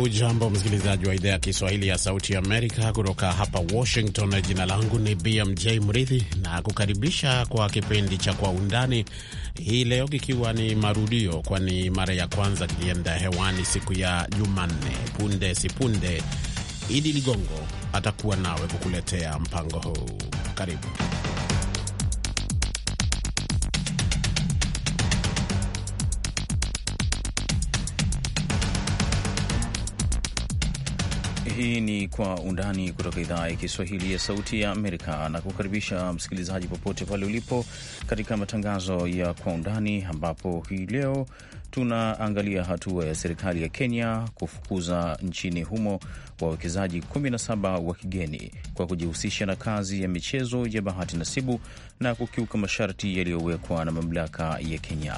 Hujambo msikilizaji wa idhaa ya Kiswahili ya Sauti Amerika kutoka hapa Washington. Jina langu ni BMJ Mridhi na kukaribisha kwa kipindi cha Kwa Undani hii leo, kikiwa ni marudio, kwani mara ya kwanza kilienda hewani siku ya Jumanne. Punde sipunde, Idi Ligongo atakuwa nawe kukuletea mpango huu. Karibu. Hii ni Kwa Undani kutoka idhaa ya Kiswahili ya Sauti ya Amerika, na kukaribisha msikilizaji popote pale ulipo katika matangazo ya Kwa Undani, ambapo hii leo tunaangalia hatua ya serikali ya Kenya kufukuza nchini humo wawekezaji 17 wa kigeni kwa kujihusisha na kazi ya michezo ya bahati nasibu na kukiuka masharti yaliyowekwa na mamlaka ya Kenya.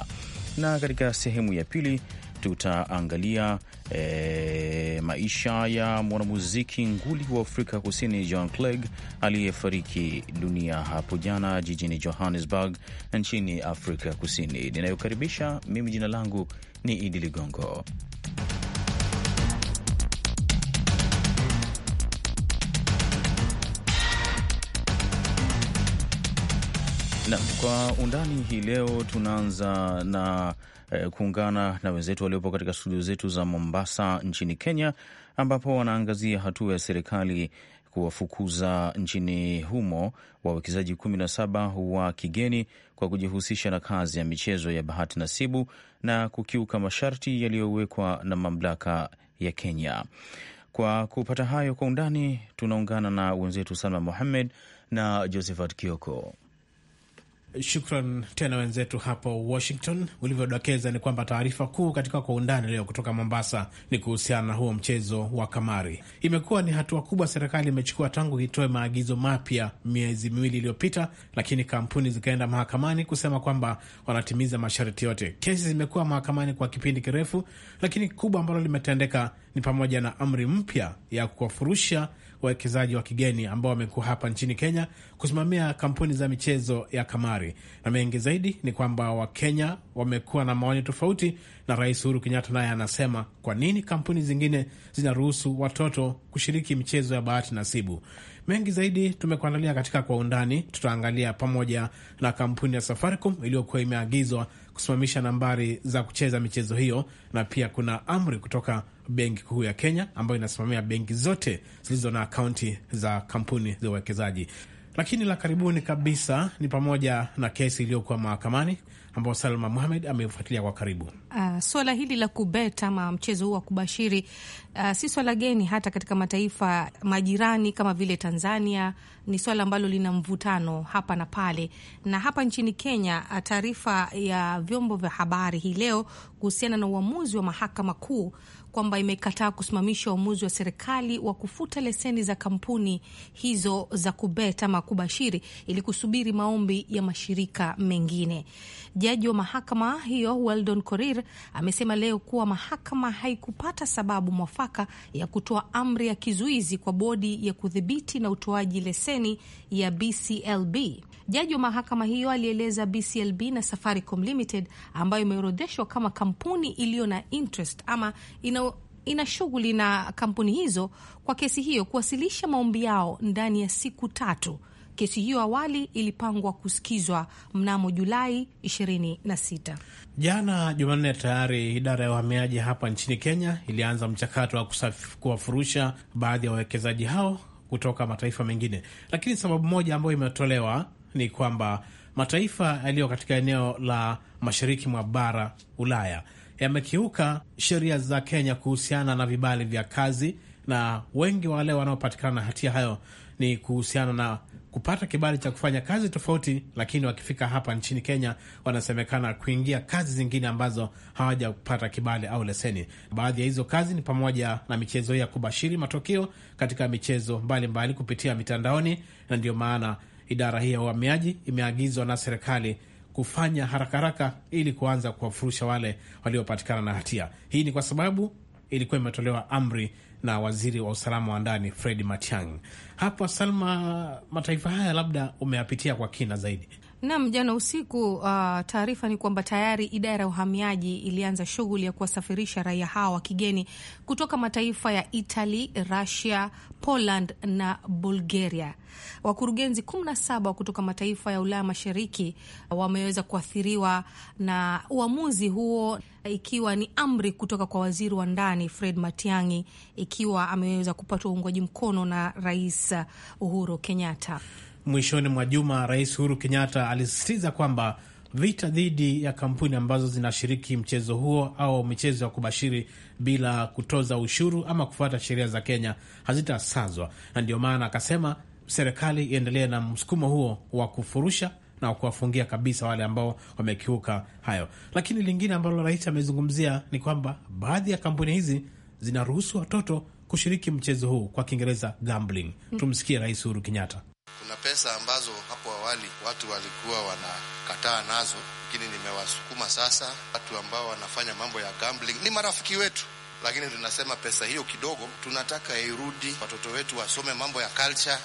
Na katika sehemu ya pili tutaangalia e, maisha ya mwanamuziki nguli wa Afrika Kusini John Clegg aliyefariki dunia hapo jana jijini Johannesburg nchini Afrika Kusini. Ninayokaribisha mimi, jina langu ni Idi Ligongo. Na kwa undani hii leo tunaanza na eh, kuungana na wenzetu waliopo katika studio zetu za Mombasa nchini Kenya, ambapo wanaangazia hatua ya serikali kuwafukuza nchini humo wawekezaji kumi na saba wa kigeni kwa kujihusisha na kazi ya michezo ya bahati nasibu na kukiuka masharti yaliyowekwa na mamlaka ya Kenya. Kwa kupata hayo kwa undani, tunaungana na wenzetu Salma muhamed na Josephat Kioko. Shukran tena wenzetu hapo Washington. Ulivyodokeza ni kwamba taarifa kuu katika kwa undani leo kutoka Mombasa ni kuhusiana na huo mchezo wa kamari. Imekuwa ni hatua kubwa serikali imechukua tangu itoe maagizo mapya miezi miwili iliyopita, lakini kampuni zikaenda mahakamani kusema kwamba wanatimiza masharti yote. Kesi zimekuwa mahakamani kwa kipindi kirefu, lakini kubwa ambalo limetendeka ni pamoja na amri mpya ya kuwafurusha wawekezaji wa kigeni ambao wamekuwa hapa nchini Kenya kusimamia kampuni za michezo ya kamari, na mengi zaidi ni kwamba Wakenya wamekuwa na maoni tofauti, na Rais Uhuru Kenyatta naye anasema kwa nini kampuni zingine zinaruhusu watoto kushiriki michezo ya bahati nasibu. Mengi zaidi tumekuandalia katika Kwa Undani, tutaangalia pamoja na kampuni ya Safaricom iliyokuwa imeagizwa kusimamisha nambari za kucheza michezo hiyo, na pia kuna amri kutoka Benki Kuu ya Kenya ambayo inasimamia benki zote zilizo na akaunti za kampuni za uwekezaji. Lakini la karibuni kabisa ni pamoja na kesi iliyokuwa mahakamani ambao Salma Muhamed amefuatilia kwa karibu. Uh, swala hili la kubet ama mchezo huu wa kubashiri uh, si swala geni hata katika mataifa majirani kama vile Tanzania. Ni swala ambalo lina mvutano hapa na pale, na hapa nchini Kenya, ah, taarifa ya vyombo vya habari hii leo kuhusiana na uamuzi wa mahakama kuu kwamba imekataa kusimamisha uamuzi wa serikali wa kufuta leseni za kampuni hizo za kubet ama kubashiri ili kusubiri maombi ya mashirika mengine. Jaji wa mahakama hiyo Weldon Korir amesema leo kuwa mahakama haikupata sababu mwafaka ya kutoa amri ya kizuizi kwa bodi ya kudhibiti na utoaji leseni ya BCLB. Jaji wa mahakama hiyo alieleza BCLB na Safaricom Limited ambayo imeorodheshwa kama kampuni iliyo na interest ama ina ina shughuli na kampuni hizo kwa kesi hiyo kuwasilisha maombi yao ndani ya siku tatu Kesi hiyo awali ilipangwa kusikizwa mnamo Julai 26. Jana Jumanne, tayari idara ya uhamiaji hapa nchini Kenya ilianza mchakato wa kuwafurusha baadhi ya wawekezaji hao kutoka mataifa mengine, lakini sababu moja ambayo imetolewa ni kwamba mataifa yaliyo katika eneo la mashariki mwa bara Ulaya yamekiuka sheria za Kenya kuhusiana na vibali vya kazi, na wengi wale wanaopatikana na hatia hayo ni kuhusiana na kupata kibali cha kufanya kazi tofauti, lakini wakifika hapa nchini Kenya wanasemekana kuingia kazi zingine ambazo hawajapata kibali au leseni. Baadhi ya hizo kazi ni pamoja na michezo ya kubashiri matokeo katika michezo mbalimbali mbali kupitia mitandaoni, na ndio maana idara hii ya uhamiaji imeagizwa na serikali kufanya haraka haraka ili kuanza kuwafurusha wale waliopatikana na hatia. Hii ni kwa sababu ilikuwa imetolewa amri na waziri wa usalama wa ndani Fred matiang Hapa Salma, mataifa haya labda umeyapitia kwa kina zaidi. Nam, jana usiku uh, taarifa ni kwamba tayari idara ya uhamiaji ilianza shughuli ya kuwasafirisha raia hawa wa kigeni kutoka mataifa ya Italy, Russia, Poland na Bulgaria. Wakurugenzi 17 kutoka mataifa ya Ulaya Mashariki wameweza kuathiriwa na uamuzi huo, ikiwa ni amri kutoka kwa waziri wa ndani Fred Matiang'i, ikiwa ameweza kupata uungwaji mkono na Rais Uhuru Kenyatta. Mwishoni mwa juma, Rais Uhuru Kenyatta alisisitiza kwamba vita dhidi ya kampuni ambazo zinashiriki mchezo huo au michezo ya kubashiri bila kutoza ushuru ama kufuata sheria za Kenya hazitasazwa, na ndio maana akasema serikali iendelee na msukumo huo wa kufurusha na kuwafungia kabisa wale ambao wamekiuka hayo. Lakini lingine ambalo rais amezungumzia ni kwamba baadhi ya kampuni hizi zinaruhusu watoto kushiriki mchezo huu, kwa Kiingereza gambling. Hmm. Tumsikie Rais Uhuru Kenyatta. Kuna pesa ambazo hapo awali watu walikuwa wanakataa nazo, lakini nimewasukuma sasa. Watu ambao wanafanya mambo ya gambling ni marafiki wetu, lakini tunasema pesa hiyo kidogo tunataka irudi, watoto wetu wasome mambo ya culture,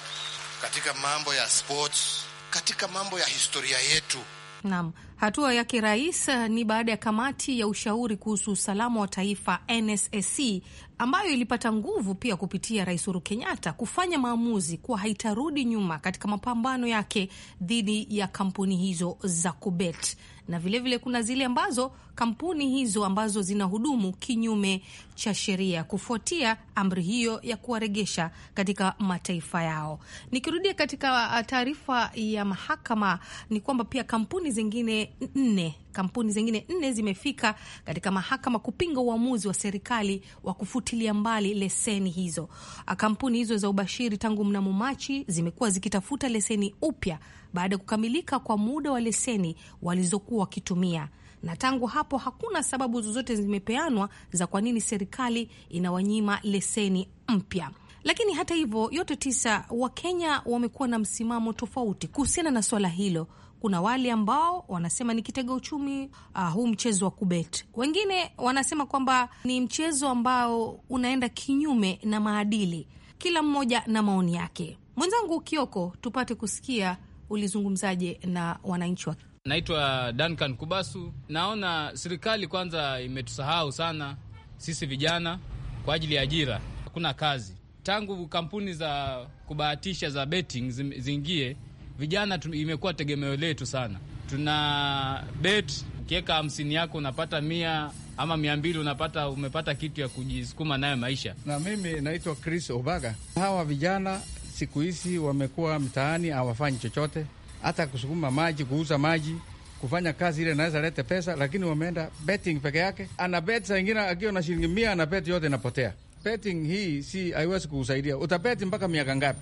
katika mambo ya sports, katika mambo ya historia yetu. Naam. Hatua ya kirais eh, ni baada ya kamati ya ushauri kuhusu usalama wa taifa NSSC ambayo ilipata nguvu pia kupitia Rais Uhuru Kenyatta kufanya maamuzi kuwa haitarudi nyuma katika mapambano yake dhidi ya kampuni hizo za kubet, na vilevile vile kuna zile ambazo kampuni hizo ambazo zinahudumu kinyume cha sheria, kufuatia amri hiyo ya kuwaregesha katika mataifa yao. Nikirudia katika eh, taarifa ya mahakama, ni kwamba pia kampuni zingine nne, kampuni zingine nne zimefika katika mahakama kupinga uamuzi wa serikali wa kufutilia mbali leseni hizo. Kampuni hizo za ubashiri tangu mnamo Machi zimekuwa zikitafuta leseni upya baada ya kukamilika kwa muda wa leseni walizokuwa wakitumia na tangu hapo hakuna sababu zozote zimepeanwa za kwa nini serikali inawanyima leseni mpya. Lakini hata hivyo, yote tisa, Wakenya wamekuwa na msimamo tofauti kuhusiana na swala hilo. Kuna wale ambao wanasema ni kitega uchumi uh, huu mchezo wa kubet. Wengine wanasema kwamba ni mchezo ambao unaenda kinyume na maadili. Kila mmoja na maoni yake. Mwenzangu Kioko, tupate kusikia ulizungumzaje na wananchi wa Naitwa Duncan Kubasu. Naona serikali kwanza imetusahau sana sisi vijana kwa ajili ya ajira. Hakuna kazi tangu kampuni za kubahatisha za betting ziingie vijana imekuwa tegemeo letu sana. Tuna bet ukiweka hamsini yako unapata mia ama mia mbili unapata umepata kitu ya kujisukuma nayo maisha. Na mimi naitwa Chris Obaga. Hawa vijana siku hizi wamekuwa mtaani, hawafanyi chochote, hata kusukuma maji, kuuza maji kufanya kazi ile naweza lete pesa, lakini wameenda betting peke yake. Ana bet saa ingine akiwa na shilingi mia, ana bet yote inapotea. Betting hii si haiwezi kukusaidia. Utabeti mpaka miaka ngapi?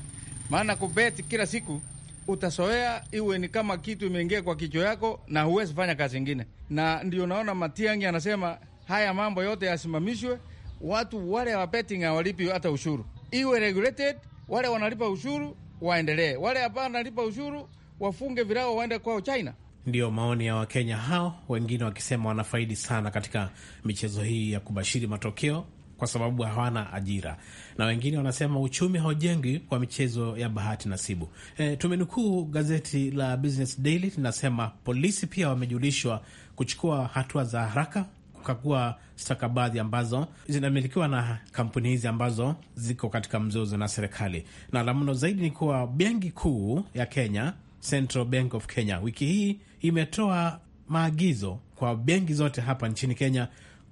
Maana kubeti kila siku utasoea, iwe ni kama kitu imeingia kwa kichwa yako na huwezi fanya kazi ingine. Na ndio naona Matiangi anasema haya mambo yote yasimamishwe, watu wale wa betting hawalipi hata ushuru, iwe regulated. Wale wanalipa ushuru waendelee, wale hapa wanalipa ushuru wafunge virao waende kwao China. Ndiyo maoni ya Wakenya hao, wengine wakisema wanafaidi sana katika michezo hii ya kubashiri matokeo kwa sababu hawana ajira, na wengine wanasema uchumi haujengwi kwa michezo ya bahati nasibu. E, tumenukuu gazeti la Business Daily linasema polisi pia wamejulishwa kuchukua hatua za haraka kukagua stakabadhi ambazo zinamilikiwa na kampuni hizi ambazo ziko katika mzozo na serikali, na la mno zaidi ni kuwa benki kuu ya Kenya, Central Bank of Kenya, wiki hii imetoa maagizo kwa benki zote hapa nchini Kenya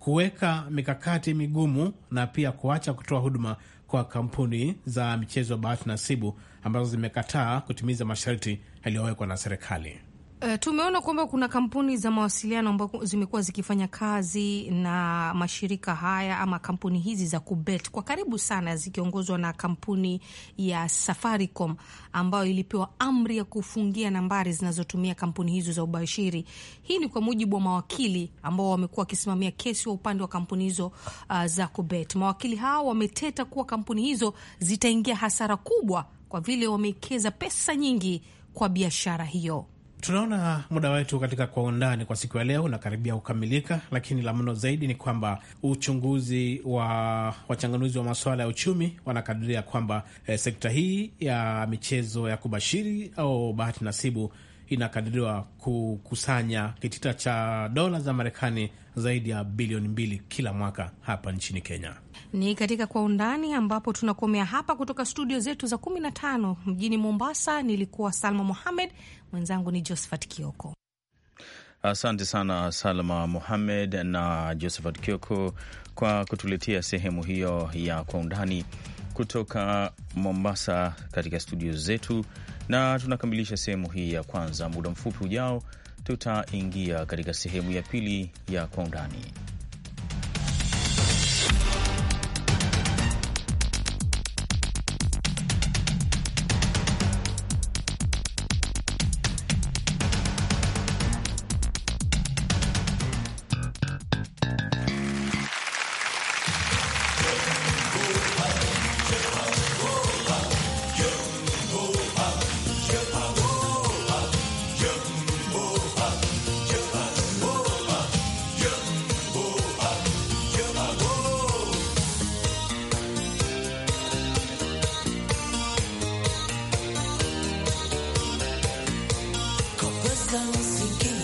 kuweka mikakati migumu na pia kuacha kutoa huduma kwa kampuni za michezo ya bahati nasibu ambazo zimekataa kutimiza masharti yaliyowekwa na serikali. Uh, tumeona kwamba kuna kampuni za mawasiliano ambazo zimekuwa zikifanya kazi na mashirika haya ama kampuni hizi za kubet kwa karibu sana, zikiongozwa na kampuni ya Safaricom ambayo ilipewa amri ya kufungia nambari zinazotumia kampuni hizo za ubashiri. Hii ni kwa mujibu wa mawakili ambao wamekuwa wakisimamia kesi wa upande wa kampuni hizo uh, za kubet. Mawakili hao wameteta kuwa kampuni hizo zitaingia hasara kubwa kwa vile wamewekeza pesa nyingi kwa biashara hiyo. Tunaona muda wetu katika Kwa Undani kwa siku ya leo unakaribia kukamilika, lakini la mno zaidi ni kwamba uchunguzi wa wachanganuzi wa masuala ya uchumi wanakadiria kwamba eh, sekta hii ya michezo ya kubashiri au bahati nasibu inakadiriwa kukusanya kitita cha dola za Marekani zaidi ya bilioni mbili kila mwaka hapa nchini Kenya. Ni katika Kwa Undani ambapo tunakomea hapa kutoka studio zetu za 15 mjini Mombasa. Nilikuwa Salma Mohamed, mwenzangu ni Josephat Kioko. Asante sana Salma Mohamed na Josephat Kioko kwa kutuletea sehemu hiyo ya Kwa Undani kutoka Mombasa katika studio zetu, na tunakamilisha sehemu hii ya kwanza. Muda mfupi ujao, tutaingia katika sehemu ya pili ya Kwa Undani.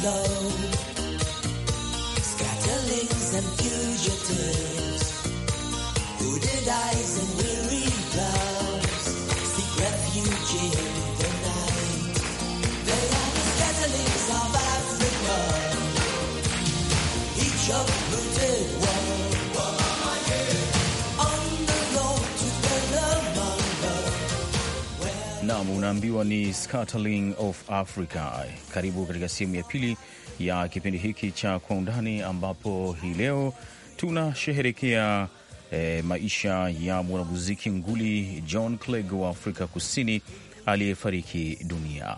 love. unaambiwa ni Scatterling of Africa. Karibu katika sehemu ya pili ya kipindi hiki cha Kwa Undani, ambapo hii leo tunasherehekea eh, maisha ya mwanamuziki nguli John Clegg wa Afrika Kusini aliyefariki dunia.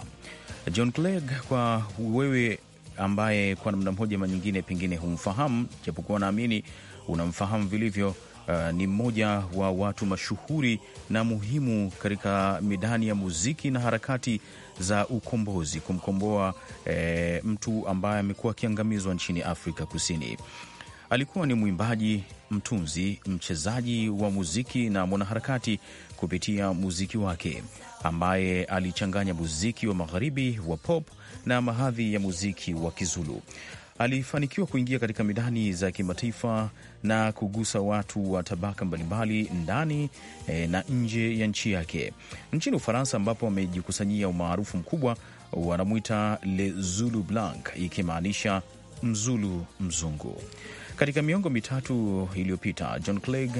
John Clegg, kwa wewe ambaye kwa namna moja ama nyingine pengine humfahamu, japokuwa naamini unamfahamu vilivyo Uh, ni mmoja wa watu mashuhuri na muhimu katika midani ya muziki na harakati za ukombozi kumkomboa e, mtu ambaye amekuwa akiangamizwa nchini Afrika Kusini. Alikuwa ni mwimbaji, mtunzi, mchezaji wa muziki na mwanaharakati kupitia muziki wake ambaye alichanganya muziki wa magharibi wa pop na mahadhi ya muziki wa Kizulu alifanikiwa kuingia katika midani za kimataifa na kugusa watu wa tabaka mbalimbali ndani e, na nje ya nchi yake. Nchini Ufaransa ambapo amejikusanyia umaarufu mkubwa, wanamwita Le Zulu Blanc, ikimaanisha mzulu mzungu. Katika miongo mitatu iliyopita John Clegg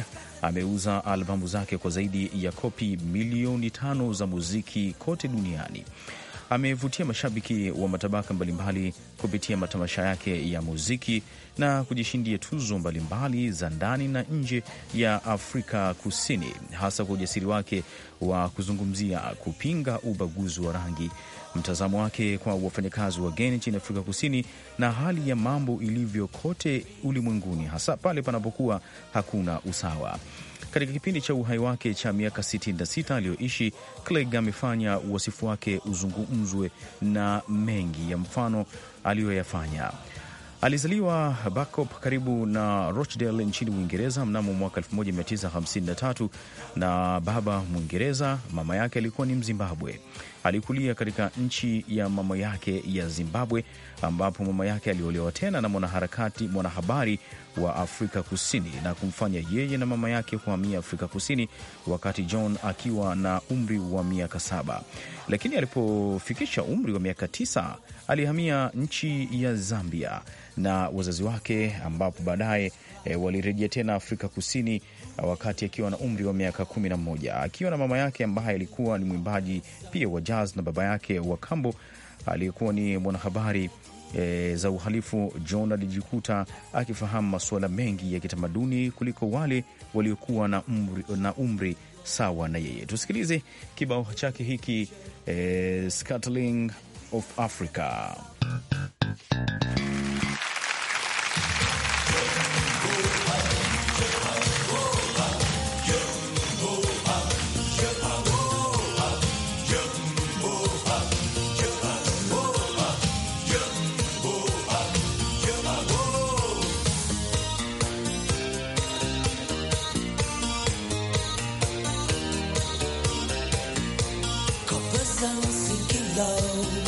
ameuza albamu zake kwa zaidi ya kopi milioni tano za muziki kote duniani amevutia mashabiki wa matabaka mbalimbali kupitia matamasha yake ya muziki na kujishindia tuzo mbalimbali za ndani na nje ya Afrika Kusini, hasa kwa ujasiri wake wa kuzungumzia kupinga ubaguzi wa rangi, mtazamo wake kwa wafanyakazi wageni nchini Afrika Kusini na hali ya mambo ilivyo kote ulimwenguni, hasa pale panapokuwa hakuna usawa. Katika kipindi cha uhai wake cha miaka 66 aliyoishi, Clegg amefanya uwasifu wake uzungumzwe na mengi ya mfano aliyoyafanya. Alizaliwa Bacop karibu na Rochdale nchini Uingereza mnamo mwaka 1953 na baba Mwingereza, mama yake alikuwa ni Mzimbabwe. Alikulia katika nchi ya mama yake ya Zimbabwe ambapo mama yake aliolewa tena na mwanaharakati mwanahabari wa Afrika Kusini na kumfanya yeye na mama yake kuhamia Afrika Kusini wakati John akiwa na umri wa miaka saba, lakini alipofikisha umri wa miaka tisa alihamia nchi ya Zambia na wazazi wake, ambapo baadaye e, walirejea tena Afrika Kusini e, wakati akiwa na umri wa miaka kumi na moja akiwa na mama yake ambaye alikuwa ni mwimbaji pia wa jazz na baba yake wa kambo aliyekuwa ni mwanahabari e, za uhalifu, John alijikuta akifahamu masuala mengi ya kitamaduni kuliko wale waliokuwa na umri, na umri sawa na yeye. Tusikilize kibao chake hiki e, Scatling of Africa down sinking low.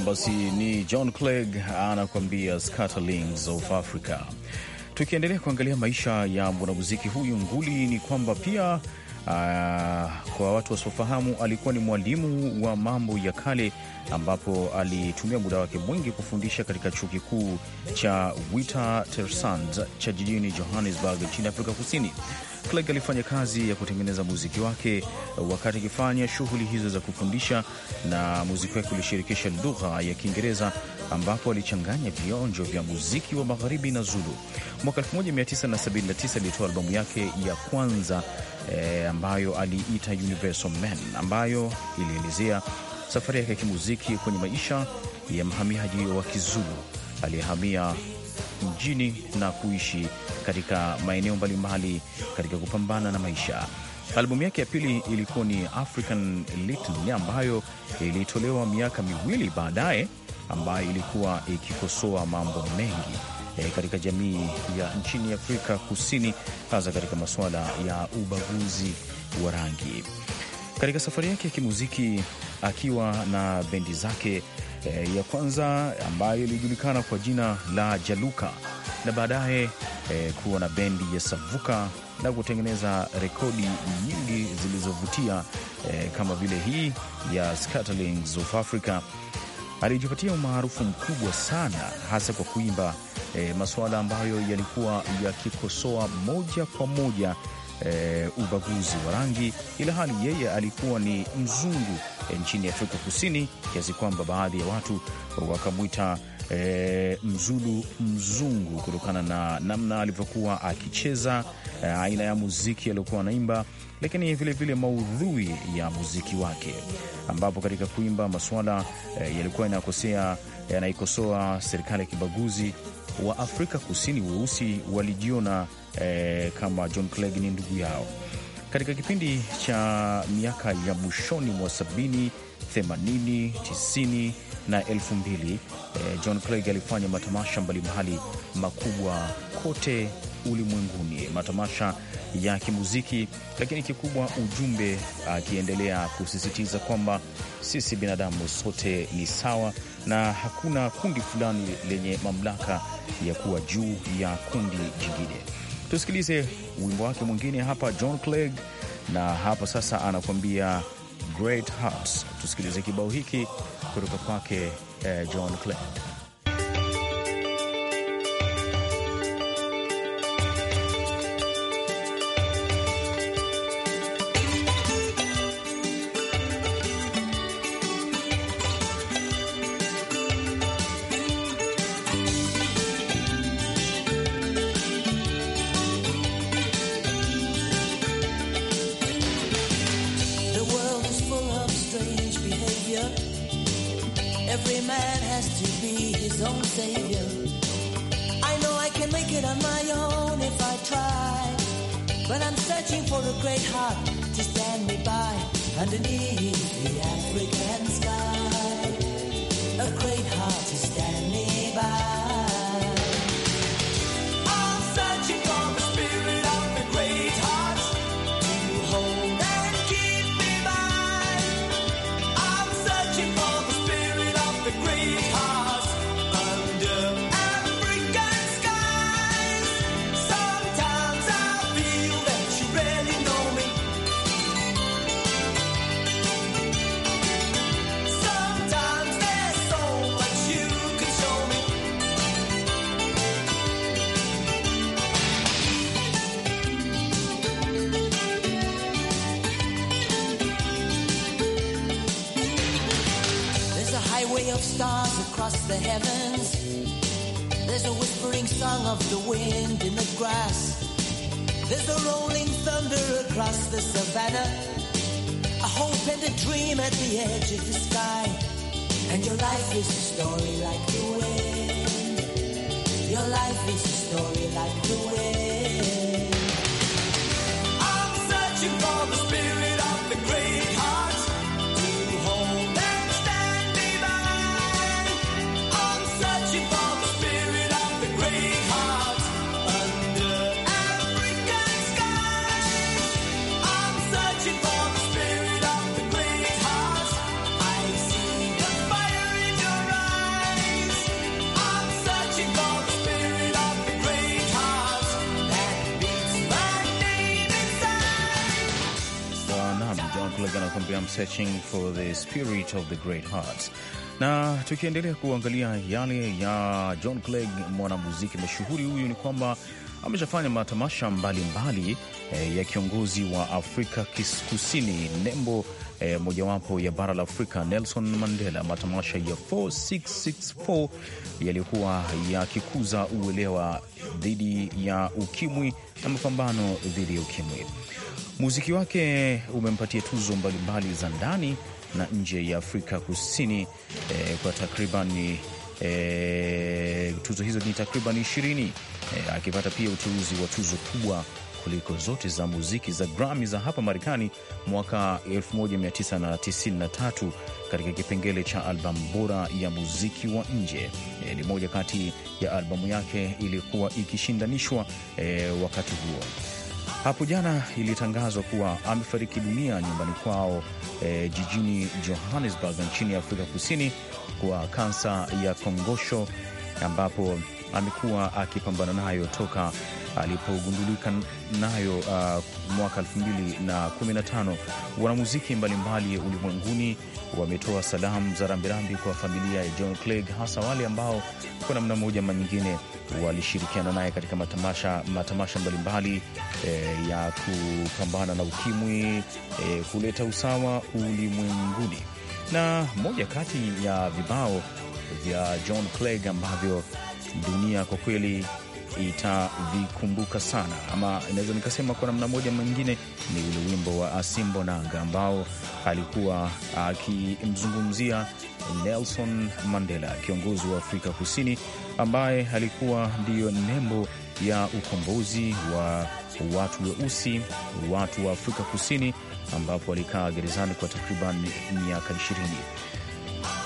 Nam basi ni John Clegg anakuambia Scatterlings of Africa. Tukiendelea kuangalia maisha ya mwanamuziki huyu nguli, ni kwamba pia Ah, kwa watu wasiofahamu, alikuwa ni mwalimu wa mambo ya kale, ambapo alitumia muda wake mwingi kufundisha katika chuo kikuu cha Witwatersrand cha jijini Johannesburg nchini Afrika Kusini. Clark alifanya kazi ya kutengeneza muziki wake wakati akifanya shughuli hizo za kufundisha, na muziki wake ulishirikisha lugha ya Kiingereza, ambapo alichanganya vionjo vya muziki wa magharibi na Zulu. Mwaka 1979 alitoa albamu yake ya kwanza e, ambayo aliita Universal Man, ambayo ilielezea safari yake ya kimuziki kwenye maisha ya mhamiaji wa Kizulu aliyehamia mjini na kuishi katika maeneo mbalimbali katika kupambana na maisha. Albamu yake ya pili ilikuwa ni African Litany ambayo ilitolewa miaka miwili baadaye, ambayo ilikuwa ikikosoa mambo mengi eh, katika jamii ya nchini Afrika Kusini, hasa katika masuala ya ubaguzi wa rangi. Katika safari yake ya kimuziki akiwa na bendi zake e, ya kwanza ambayo ilijulikana kwa jina la Jaluka na baadaye e, kuwa na bendi ya Savuka na kutengeneza rekodi nyingi zilizovutia e, kama vile hii ya Scatterlings of Africa. Alijipatia umaarufu mkubwa sana hasa kwa kuimba e, masuala ambayo yalikuwa yakikosoa moja kwa moja e, ubaguzi wa rangi, ila hali yeye alikuwa ni mzungu e, nchini Afrika Kusini, kiasi kwamba baadhi ya watu wakamwita E, Mzulu mzungu kutokana na namna alivyokuwa akicheza, e, aina ya muziki aliyokuwa anaimba, lakini vilevile maudhui ya muziki wake, ambapo katika kuimba masuala e, yalikuwa yanakosea yanaikosoa serikali ya kibaguzi wa Afrika Kusini weusi walijiona eh, kama John Clegg ni ndugu yao. Katika kipindi cha miaka ya mwishoni mwa sabini 80, 90 na 2000. Eh, John Clegg alifanya matamasha mbalimbali makubwa kote ulimwenguni, matamasha ya kimuziki, lakini kikubwa ujumbe akiendelea uh, kusisitiza kwamba sisi binadamu sote ni sawa na hakuna kundi fulani lenye mamlaka ya kuwa juu ya kundi jingine. Tusikilize wimbo wake mwingine hapa John Clegg, na hapa sasa anakuambia Great Hearts. Tusikilize kibao hiki kutoka kwake eh, John Clegg. underneath the African sky. heavens. There's a whispering song of the wind in the grass. There's a rolling thunder across the savannah. A hope and a dream at the edge of the sky. And your life is a story like the wind. Your life is a story like the wind. I'm searching for the spirit of the great. anakuambia I'm searching for the spirit of the great hearts. Na tukiendelea kuangalia yale ya John Clegg, mwanamuziki mashuhuri huyu, ni kwamba ameshafanya matamasha mbalimbali mbali, eh, e, ya kiongozi wa Afrika Kusini nembo e, mojawapo ya bara la Afrika Nelson Mandela, matamasha ya 4664 yaliyokuwa yakikuza uelewa dhidi ya ukimwi na mapambano dhidi ya ukimwi. Muziki wake umempatia tuzo mbalimbali za ndani na nje ya Afrika Kusini eh, kwa takriban eh, tuzo hizo ni takriban ishirini eh, akipata pia uteuzi wa tuzo kubwa kuliko zote za muziki za Grammy za hapa Marekani mwaka 1993 katika kipengele cha albamu bora ya muziki wa nje. E, ni moja kati ya albamu yake ilikuwa ikishindanishwa e, wakati huo. Hapo jana ilitangazwa kuwa amefariki dunia nyumbani kwao e, jijini Johannesburg nchini Afrika Kusini kwa kansa ya kongosho ambapo amekuwa akipambana nayo toka alipogundulika nayo uh, mwaka 2015. Wanamuziki mbalimbali ulimwenguni wametoa salamu za rambirambi kwa familia ya John Clegg, hasa wale ambao kwa namna moja ama nyingine walishirikiana naye katika matamasha, matamasha mbalimbali eh, ya kupambana na ukimwi eh, kuleta usawa ulimwenguni. Na moja kati ya vibao vya John Clegg ambavyo dunia kwa kweli itavikumbuka sana, ama inaweza nikasema kwa namna moja mwingine ni ule wimbo wa Asimbo Nanga ambao alikuwa akimzungumzia Nelson Mandela, kiongozi wa Afrika Kusini ambaye alikuwa ndiyo nembo ya ukombozi wa watu weusi, watu wa Afrika Kusini, ambapo alikaa gerezani kwa takriban miaka ishirini.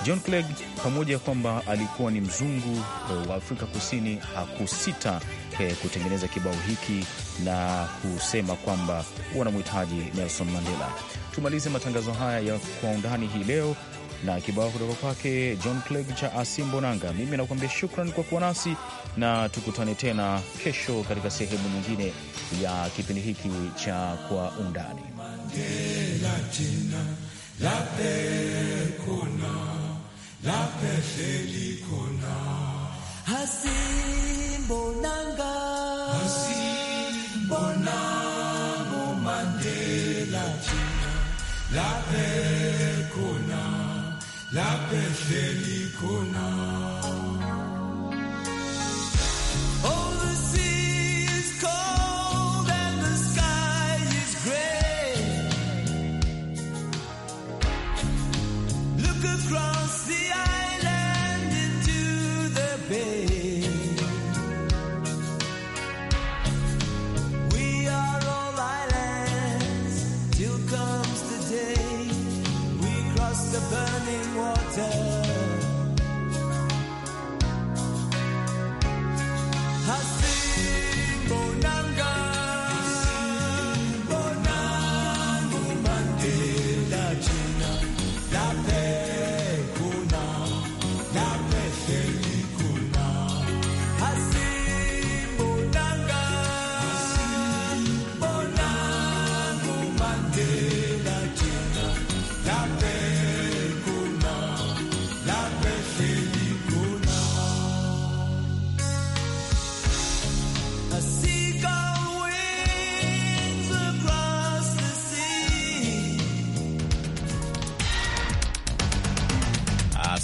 John Clegg, pamoja kwamba alikuwa ni mzungu eh, wa Afrika Kusini, hakusita eh, kutengeneza kibao hiki na kusema kwamba wanamhitaji Nelson Mandela. Tumalize matangazo haya ya kwa undani hii leo na kibao kutoka kwake John Clegg cha Asimbonanga. Mimi nakuambia shukran kwa kuwa nasi na tukutane tena kesho katika sehemu nyingine ya kipindi hiki cha Kwa Undani. La likhona asimbonanga asimbonanga umandela thina